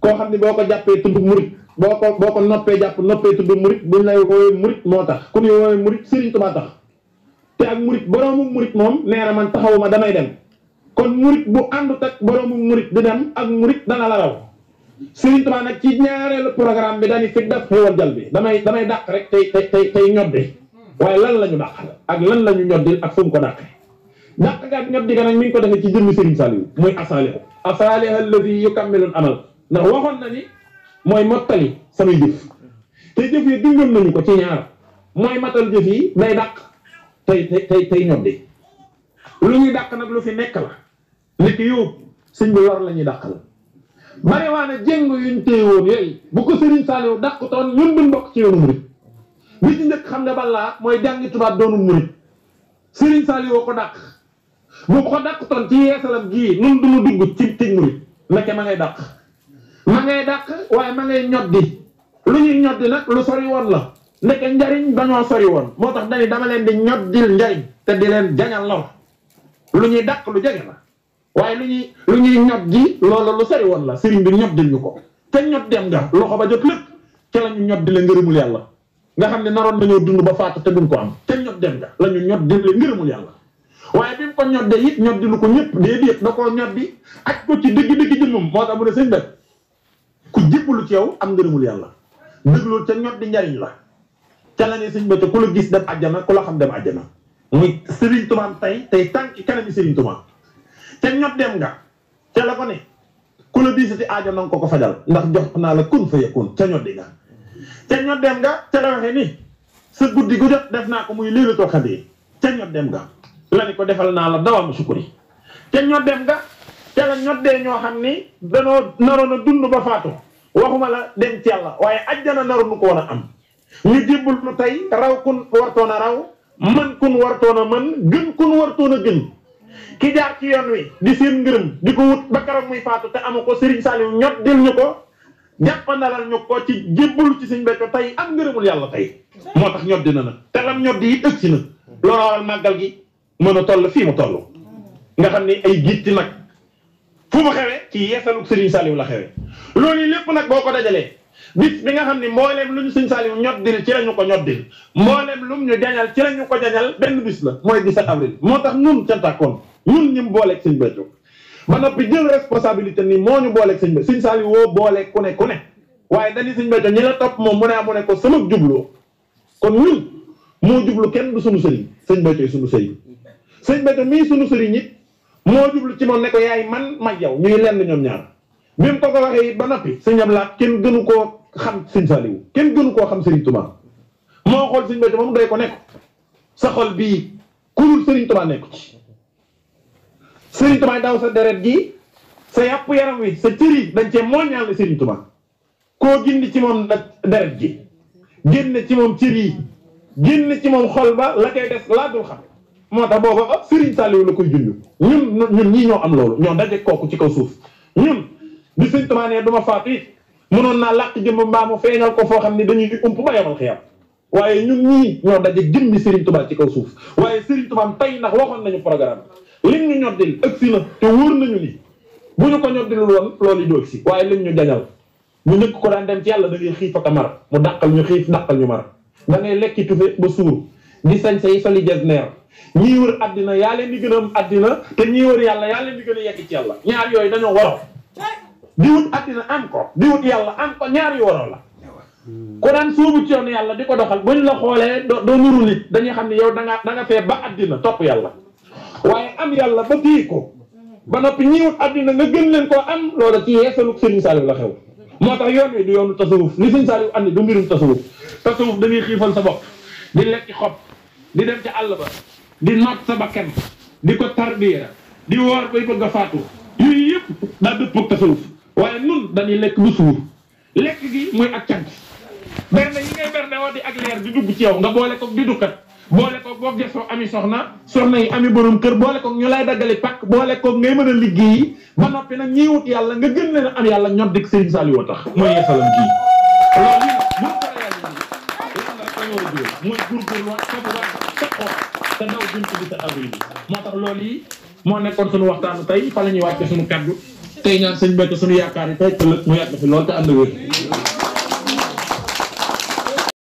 koo xam ne boo ko jàppee tudd murit boo ko boo ko noppee jàpp noppee tudd murit buñ lay woowee murit moo tax ku ñu woowee murit Sëriñ Tuubaa tax té ak mourid borom mourid mom néra man taxawuma damay dem kon mourid bu andu ak borom mourid di dem ak murit dana la raw serigne touba nak ci ñaareelu programme bi dañu fi def xewal jël bi damay damay dakk rek tay tay tay tey ñoddi waaye lan lañu dakk ak lan lañu ñu ak fu ko dakk dakk ga ñoddi ga nak mi ngi ko def ci serigne sallu moy muy asaalihu alladhi yukammilu al amal na waxon na ni moy motali samay def te def yi dundoon nañu ko ci ñaar moy matal def yi day dakk tey tey tey tey ñoom lu ñuy dàq nag lu fi nekk la nit ki yow sëñ bi lor la ñuy dàqal mariwaana jéng yuñ téye woon yooyu bu ko Serigne Saliou dàqutoon ñun duñ bokk ci yoonu murit li ci njëkk xam ne mooy jàngi tubaab doonu murit Serigne Saliou ko dàq bu ko dàqutoon ci yeesalam gii ñun du mu dugg ci ci ma ngay dàq ma ngay dàq waaye ma ngay ñoddi lu ñuy ñoddi nag lu sori woon la nekk njariñ dañoo sori woon moo tax dañu dama leen di ñoddil njariñ te di leen jañal lor lu ñuy daq lu jege la waaye lu ñuy lu ñuy ñot ji loolu lu sori woon la sëriñ bi ñoddil ñu ko te ñot dem nga ba jot lépp ca la ñu ñoddi le ngërëmul yàlla nga xam ne naroon nañoo dund ba faatu te duñ ko am te ñot dem nga la ñu ñoddi le ngërëmul yàlla waaye bi mu ko ñodde it ñoddi lu ko ñëpp déedéet da koo ñoddi ak ko ci dëgg dëgg jëmmam moo tax mu ne sëñ bi ku jébbalu ci yow am ngërëmul yàlla dëgg loolu ca ñoddi njariñ la ca la ne sëñ Béthio ku la dem àjjana ku la xam dem àjjana muy Serigne Touba tey tey tànk kanami Serigne Touba te ñot dem nga ca la ko ne ku la diisati ko ko fajal ndax jox naa la kun fa yakun ca ñoddi nga ca dem nga ca la ni sa guddi gu def naa ko muy Laylatul Qadr ca dem nga la ni ko defal naa la dawam sukuri ca ñot dem nga ca la ñot dee ñoo xam ni danoo naroon a dund ba faatu waxuma la dem ci yàlla waaye àjjana naroon nu ko war a am ñu jébbal lu tey raw kun wartoon a raw mën kun wartoon a mën gën kun wartoon a gën ki jaar ci yoon wi di seen ngërëm di ko wut ba karam muy faatu te amu ko Serigne Saliou ñot dil ñu ko jàppandalal ñu ko ci jébbalu ci Serigne Béthio tey am ngërëmul yàlla tey moo tax ñot dina na te lam ñot di it ëgsi na loolu waral màggal gi mën a toll fii mu toll nga xam ne ay gitti nag fu mu xewe ci yeesaluk Serigne Saliou la xewe loolu lépp nag boo ko dajalee bis bi nga xam ni mbooleem lu ñu suñ Saliou ñoddil ci la ko ñoddil mbooleem lum ñu jañal ci la ñu ko jañal benn bis la mooy 17 avril moo tax ñun cantakoon ñun ñim booleeg sëñ ba noppi jël responsabilité ni moo ñu booleeg sëñ Béthio sëñ Saliou woo booleeg ku ne ku ne waaye dañuy sëñ Béthio ñi la topp moom mu ne amu ne ko sama jubloo kon ñun moo jublu kenn du suñu sëriñ sëñ Béthio suñu sëriñ sëñ Béthio mii suñu sëriñ it moo jublu ci moom ne ko yaay man ma yow ñuy lenn ñoom ñaar bi mu ko ko waxee ba noppi sëñ Ablaat kenn gënu koo xam sëñ Saliou kenn gënu koo xam sëriñ Touba moo xool sëñ Béthio moom doy ko nekku sa xol bii kurul sëriñ Touba nekku ci sëriñ Touba sa deret gi sa yaram wi sa cër dañ cee mooñaal ne sëriñ Touba koo gindi ci moom deret gi génn ci moom ci yi génn ci moom xol ba la koy des laa dul xam moo tax booba sëriñ Saliou la koy junj ñun ñun ñii ñoo am loolu ñoo daje kooku ci kaw suuf ñun bi sëriñ Touba duma faatu it mënoon na làq jëm mbaa mu feeñal ko fo xamni ne dañuy ump ba yamal xiyam waye ñun ñii ñoo daje jëmmi Serigne Touba ci kaw suuf waye Serigne Touba tay nak waxon nañu programme lim ñu ñoddil ëgsi na te woor nañu ni bu ñu ko ñoddil woon loolu yi du ëgsi waaye lim ñu dañal ñu nekk ko daan dem ci yalla da ngay xiif ak mar mu dakkal ñu xif dakkal ñu mar da ngay lekki tufe ba suur di sañ sey soli jëg neer ñi wër adina ya leen di gënal adina te ñi wër yalla ya leen di gënal yegg ci yalla ñaar yoy dañu waro diut atina am ko di yalla am ko ñaari waroo la ko dan suubu ci yoon yalla di doxal buñ la xolé do nuru nit dañuy xamni yow da nga da nga fe ba adina top yalla waye am yalla ba téye ko ba noppi ñi adina nga gën leen ko am lolu ci yeesaluk Serigne salim la xew motax tax yoon wi du yoonu tasawuf ni Serigne salim andi du mbirum tasawuf tasawuf dañuy xifal sa bok di lekk xop di dem ci àll ba di noot sa bakkan di ko tarbiya di wor bay bëgg faatu yooyu yëpp daa dëppoo tasawuf waaye nun dañuy lekk bu suur lekk gi muy ak cant bernde yi ngay bernde woo di ak leer di dugg ci yow nga boole ko di dukkat boole ko boo gesoo ami soxna soxna yi ami borom kër boole ko ñu lay daggali pàkk boole ko ngay mën a liggéey ba noppi nag ñiy wut yàlla nga gën leen a am yàlla ñor dëgg Serigne Saliou tax mooy yeesalam kii loolu ñu yi mooy góorgóorlu wax sabu wax sa xool te daw moo tax loolu yi moo nekkoon suñu waxtaanu tey fa la ñuy wàcce suñu kaddu tey ñaan sëñ Béthio suñu yaakaar yi tey ëllëg mu yàgg fi loolu